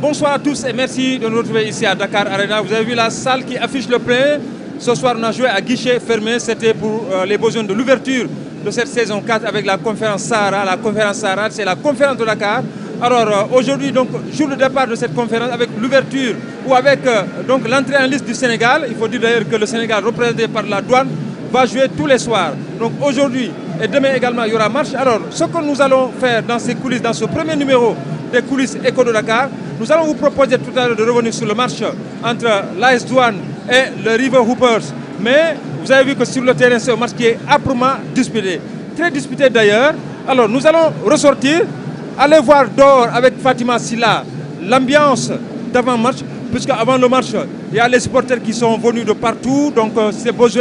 bonsoir à tous et merci de nous retrouver ici à Dakar Arena. Vous avez vu la salle qui affiche le plein. Ce soir, on a joué à guichet fermé. C'était pour euh, les besoins de l'ouverture de cette saison 4 avec la conférence Sahara. La conférence Sahara, c'est la conférence de Dakar. Alors euh, aujourd'hui, donc jour de départ de cette conférence avec l'ouverture ou avec euh, l'entrée en liste du Sénégal. Il faut dire d'ailleurs que le Sénégal, représenté par la douane, va jouer tous les soirs. Donc aujourd'hui et demain également, il y aura marche. Alors ce que nous allons faire dans ces coulisses, dans ce premier numéro des coulisses Éco de Dakar, nous allons vous proposer tout à l'heure de revenir sur le match entre l'AS Douane et le River Hoopers. Mais vous avez vu que sur le terrain, c'est un match qui est âprement disputé. Très disputé d'ailleurs. Alors nous allons ressortir, aller voir dehors avec Fatima Silla l'ambiance d'avant-match, puisque avant le match, il y a les supporters qui sont venus de partout. Donc euh,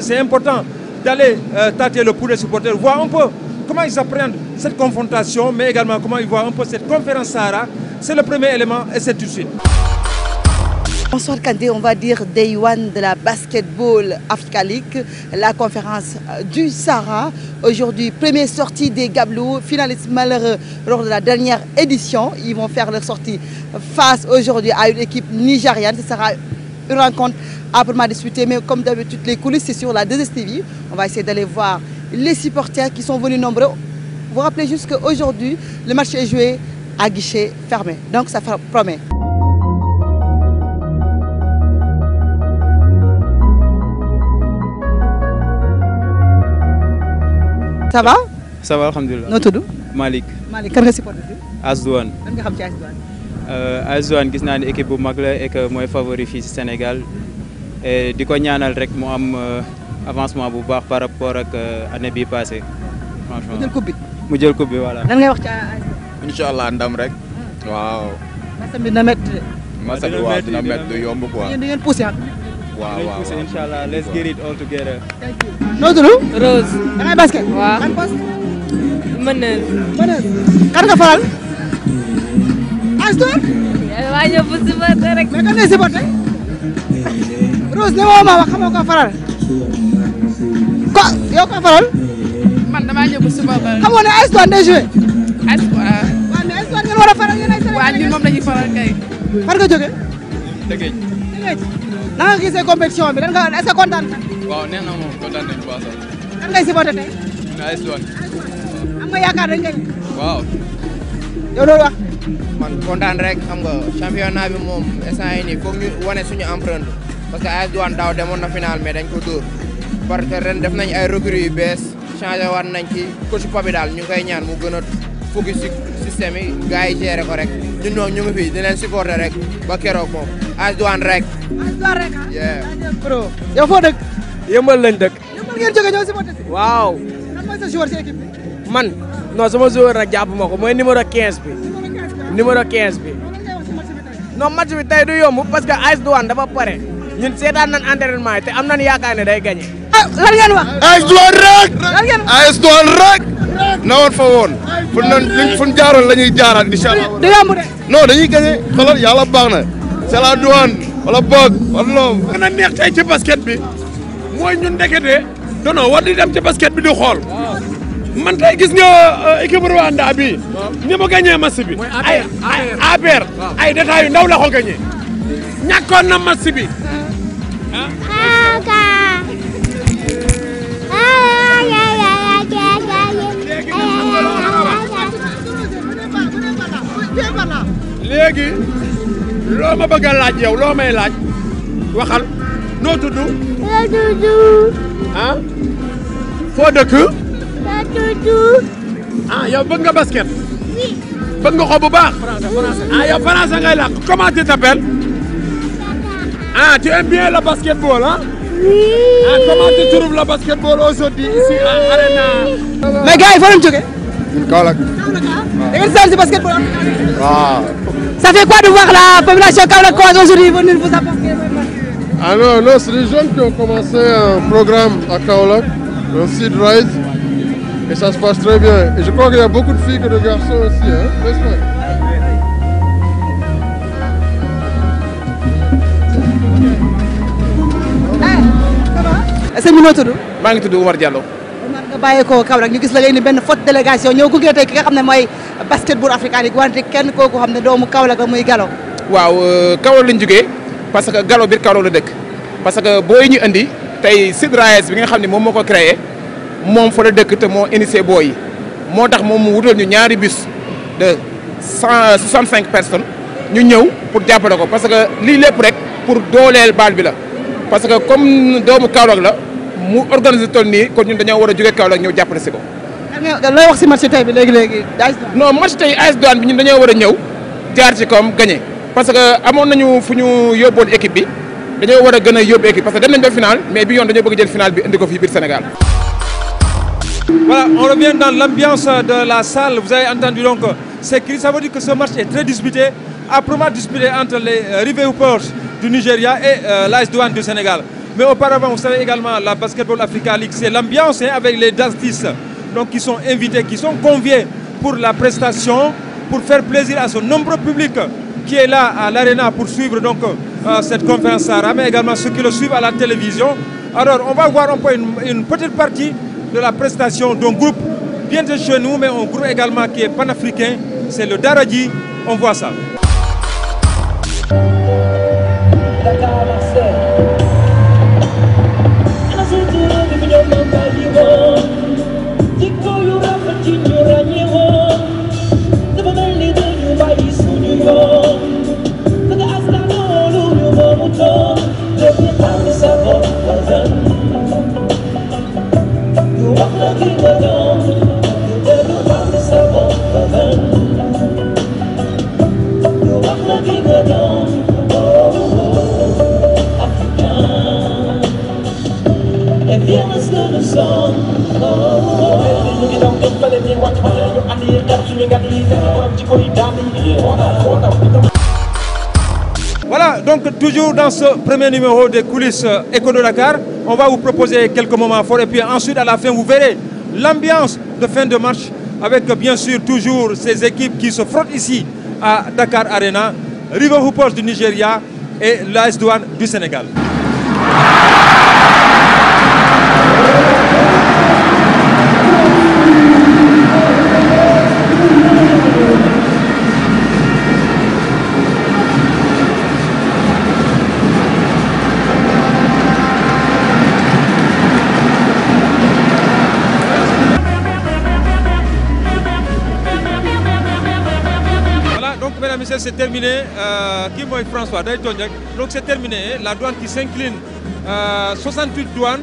c'est important d'aller euh, tâter le pouls des supporters, voir un peu comment ils apprennent cette confrontation, mais également comment ils voient un peu cette conférence Sahara c'est le premier élément et c'est tout de suite. Bonsoir Kandé, on va dire Day One de la Basketball Africa League, la conférence euh, du Sahara. Aujourd'hui, première sortie des Gablous, finalistes malheureux lors de la dernière édition. Ils vont faire leur sortie face aujourd'hui à une équipe nigériane. Ce sera une rencontre âprement disputée, mais comme d'habitude, les coulisses, c'est sur la 2 On va essayer d'aller voir les supporters qui sont venus nombreux. Vous vous rappelez juste qu'aujourd'hui, le match est joué à guichet fermé. Donc ça promet. Ça va Ça va, alhamdoulilah. noo tudd. Malick. Malick kan nga supporté fii. Asdouane. lan nga xam ci Asdouane. Euh, Asdouane gis naa ni équipe bu mag et que mooy favori fii si Sénégal et di ko ñaanal rek mu am euh, avancement bu baax par rapport ak euh, année bii passée franchement. mu jël coupe bi mu jël coupe bi voilà. lan ngay wax ci incha allah ndam rek. Hmm. waaw. masa bi na du yomb quoi. yéen da ngeen poussé ah. waaw waaw waaw incha allah let's basket. kan nga faral. Astor. Eh, waa ñëw bu supporté rek. mais Rose ne woo ma wax xamoo faral. ko yow ko faral. man damaa ñëw bu supporté rek. xamoo ne ngeen war a faral yéen ay sénégalais waaw ñun moom la ñuy faral kay. fan nga jógee. Dëgëj. Dëgëj na nga gisee compétition bi lan nga est-ce que kontaan nga. waaw nee na moom kontaan nañu bu baax sax. lan ngay supporté tey. AS Douanes. am nga yaakaar dañ koy. waaw. yow loolu wax. man kontaan rek xam nga championnat bi moom instant yii nii foog ñu wane suñu empreinte parce que AS Douanes daaw demoon na final mais dañ ko dóor parce que ren def nañ ay recrues yu bees changé waat nañ ci coach Pape daal ñu ngi koy ñaan mu gën a. focus si système yi gars yi gérer ko rek ñun ñoom ñu ngi fi di leen supporter rek ba keroog moom as douane rek. as douane rek ah. jaajëf pro yow foo dëkk. yëmbal lañ dëkk. yëmbal ngeen jógee ñëw si moto si. waaw. lan mooy sa joueur si équipe bi. man non sama joueur nag jàpp ma ko mooy numéro 15 bi. numéro 15 ah. bi. non match bi tey du yomb parce que AS Douane dafa pare ñun seetaan nañ entraînement yi te am nañ yaakaar ne day gagné. Ah, lan ngeen wax. AS Douane rek. lan ngeen wax AS Douane rek. nawoon fa woon fu ñu fu ñu jaaroon la ñuy jaaraat incha allah. du dañuy gagné xoolal yàlla baax na c'est la douane wala boog wala loo. a neex tey ci basket bi mooy ñun ndekete non war di dem ci basket bi di xool. man tey gis nga euh, équipe Rwanda bi ñi ma gagné match bi. ay ay APR ay détails yu ndaw la ko gagné. ñàkkoon na bi loo ma bëgg laaj yow loo may laaj waxal noo tudd. noo tudd. ah. foo dëkk. noo tudd. ah yow bëgg nga basket. oui. bëgg nga ko bu baax. ah yow français ngay làkk comment tu t'appelles. ah tu aimes bien le basketball ah. oui. ah comment tu trouves le basketball aujourd'hui ici à Arena. mais gars yi fa la jógee ñun Kaolack. que ngeen de basket-ball? waaw. ça fait quoi de voir la population kaolackoise aujourd'hui venir vous apporter. ah non non c'est les jeunes qui ont commencé un programme à Kaolak, le seed ride et ça se passe très bien et je crois qu'il y a beaucoup de filles que de garçons aussi hein n'est-ce pas. Eh, ce que noo tudd. maa ngi tudd Oumar Diallo. Omar nga bàyyeekoo Kaolack ñu gis la léegi ni benn forte délégation ñëw gunge tey ki nga xam ne mooy basketball africain yi wante kenn kooku xam ne doomu Kaolack la muy Galo. waaw euh, Kaolack lañ jógee parce que Galo biir Kaolack la dëkk parce que booy ñu indi tey Sid Reyes bi nga xam ne moom moo ko créé moom fa la dëkk te moo initié booy moo tax moom mu wutal ñu ñaari bis de cent soixante cinq personnes ñu ñëw pour jàppale ko parce que lii lépp rek pour dooleel baal bi la parce que comme doomu Kaolack la. mu organiser toll nii kon ñun dañoo war a jógee Kaolack ñëw jàppale si ko. loo wax si match tey bi léegi léegi. non match tey AS Douane bi ñun dañoo war a ñëw ci kawam gagné parce que amoon nañu fu ñu yóbboon équipe bi dañoo war a gën a yóbbu équipe parce que dem nañ ba final mais bi yoon dañoo bëgg jël final bi indi ko fii biir Sénégal. Voilà, on revient dans l'ambiance de la salle. Vous avez entendu donc c'est cris. Ça veut dire que ce match est très disputé, âprement disputé entre les euh, River Hoopers du Nigeria et euh, l'AS Douane du Sénégal. Mais auparavant, vous savez également, la Basketball Africa League, c'est l'ambiance hein, avec les dentistes donc, qui sont invités, qui sont conviés pour la prestation, pour faire plaisir à ce nombreux public qui est là à l'Arena pour suivre donc, euh, cette conférence Sahara, mais également ceux qui le suivent à la télévision. Alors, on va voir un peu une, petite partie de la prestation d'un groupe bien de chez nous, mais un groupe également qui est panafricain. C'est le Daradi. On voit ça. Everybody Voilà, donc toujours dans ce premier numéro des coulisses Eco de Dakar, on va vous proposer quelques moments forts et puis ensuite à la fin vous verrez l'ambiance de fin de marche avec bien sûr toujours ces équipes qui se frottent ici à Dakar Arena, River Hoopers du Nigeria et l'AS Douane du Sénégal. c'est terminé euh, qui François donc c'est terminé la douane qui s'incline 68 euh, douanes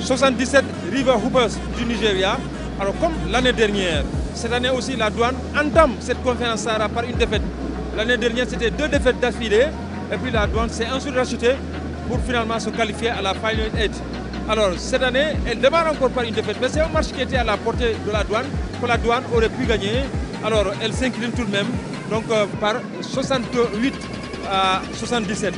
77 river Hoopers du Nigeria alors comme l'année dernière cette année aussi la douane entame cette conférence Sahara par une défaite l'année dernière c'était deux défaites d'affilée et puis la douane s'est ensuite rachetée pour finalement se qualifier à la Final 8. alors cette année elle démarre encore par une défaite mais c'est un match qui était à la portée de la douane que la douane aurait pu gagner alors elle s'incline tout de même donc euh, par 68 à 77.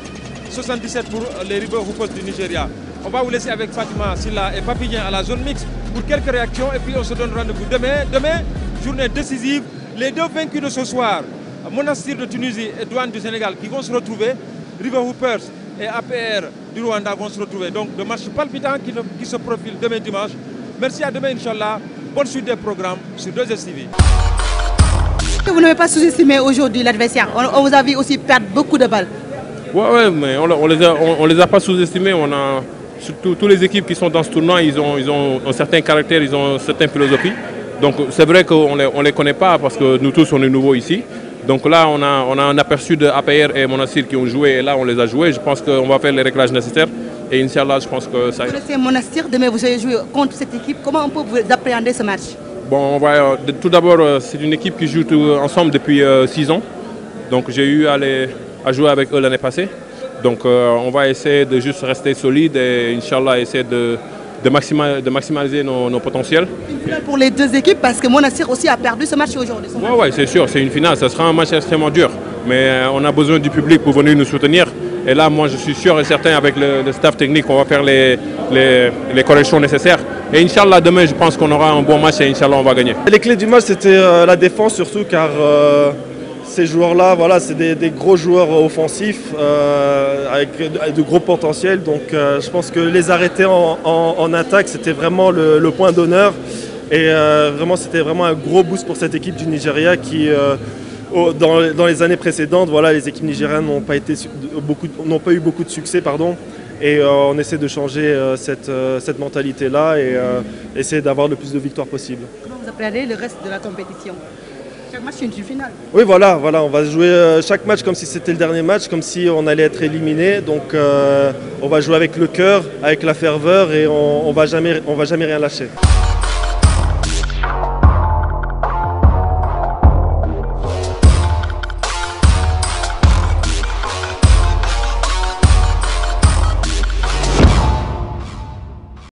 77 pour les River Hoopers du Nigeria. On va vous laisser avec Fatima Silla et Papillien à la zone mixte pour quelques réactions et puis on se donne rendez-vous demain. Demain, journée décisive. Les deux vaincus de ce soir, Monastir de Tunisie et Douane du Sénégal qui vont se retrouver, River Hoopers et APR du Rwanda vont se retrouver. Donc de matchs palpitants qui, se profilent demain dimanche. Merci à demain Inch'Allah. Bonne suite des programmes sur 2 STV que vous n'avez pas sous-estimé aujourd'hui l'adversaire on, vous a vu aussi perdre beaucoup de balles. Oui, mais on ne les, a pas sous-estimés. On a surtout toutes les équipes qui sont dans ce tournoi, ils ont, ils ont un certain caractère, ils ont une certaine philosophie. Donc c'est vrai qu'on les, ne les connaît pas parce que nous tous on est nouveaux ici. Donc là on a, on a un aperçu de APR et Monastir qui ont joué et là on les a joués. Je pense qu'on va faire les réglages nécessaires. Et là, je pense que ça... Vous connaissez Monastir, demain vous allez jouer contre cette équipe. Comment on peut vous appréhender ce match on euh, tout d'abord, euh, c'est une équipe qui joue euh, ensemble depuis 6 ans. Donc j'ai eu à, jouer avec eux l'année passée. Donc on va essayer de juste rester solide et Inch'Allah essayer de, de, nos, potentiels. Une finale pour les deux équipes parce que Monastir aussi a perdu ce match aujourd'hui. Oui, ouais, c'est sûr, c'est une finale. Ce sera un match extrêmement dur. Mais on a besoin du public pour venir nous soutenir. Et là, moi, je suis sûr et certain avec le, staff technique on va faire les corrections nécessaires. Et inshallah, demain, je pense qu'on aura un bon match et inshallah, on va gagner. Les clés du match, c'était euh, la défense surtout, car euh, ces joueurs-là, voilà, c'est des, gros joueurs offensifs euh, avec, de gros potentiels. Donc je pense que les arrêter en, attaque, c'était vraiment le, point d'honneur. Et vraiment, c'était vraiment un gros boost pour cette équipe du Nigeria qui... Dans, les années précédentes, voilà, les équipes nigériennes n'ont pas, pas eu beaucoup de succès. Pardon. Et euh, on essaie de changer euh, euh, cette, mentalité-là et essayer d'avoir le plus de victoires possible. Comment vous appelez le reste de la compétition chaque match c'est une finale. Oui, voilà, voilà, on va jouer chaque match comme si c'était le dernier match, comme si on allait être éliminé. Donc on va jouer avec le cœur, avec la ferveur et on, on va jamais rien lâcher.